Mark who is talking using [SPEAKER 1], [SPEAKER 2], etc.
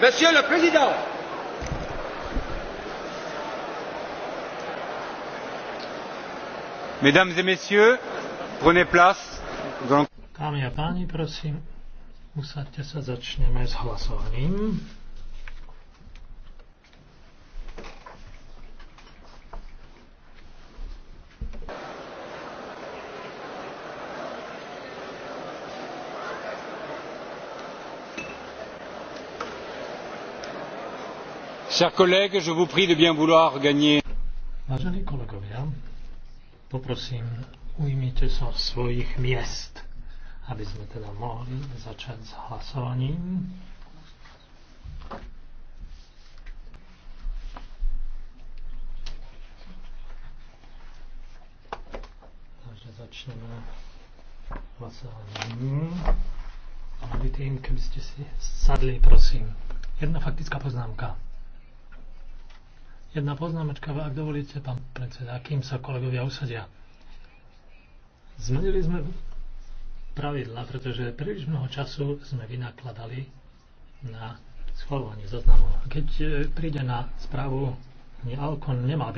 [SPEAKER 1] Monsieur le Président,
[SPEAKER 2] Mesdames et Messieurs, prenez place. Dans...
[SPEAKER 3] Dámy a páni, prosím, usaďte sa, začneme s hlasovaním.
[SPEAKER 4] Chers collègues, je vous prie de bien vouloir gagner.
[SPEAKER 3] Vážení kolegovia, poprosím, ujmite sa svojich miest, aby sme teda mohli začať s hlasovaním. Takže začneme hlasovaním. Aby tým, keby ste si sadli, prosím. Jedna faktická poznámka. Jedna poznámečka, ak dovolíte, pán predseda, kým sa kolegovia usadia. Zmenili sme pravidla, pretože príliš mnoho času sme
[SPEAKER 1] vynakladali na schvalovanie zoznamov. Keď e, príde na správu, Alkon nemá byť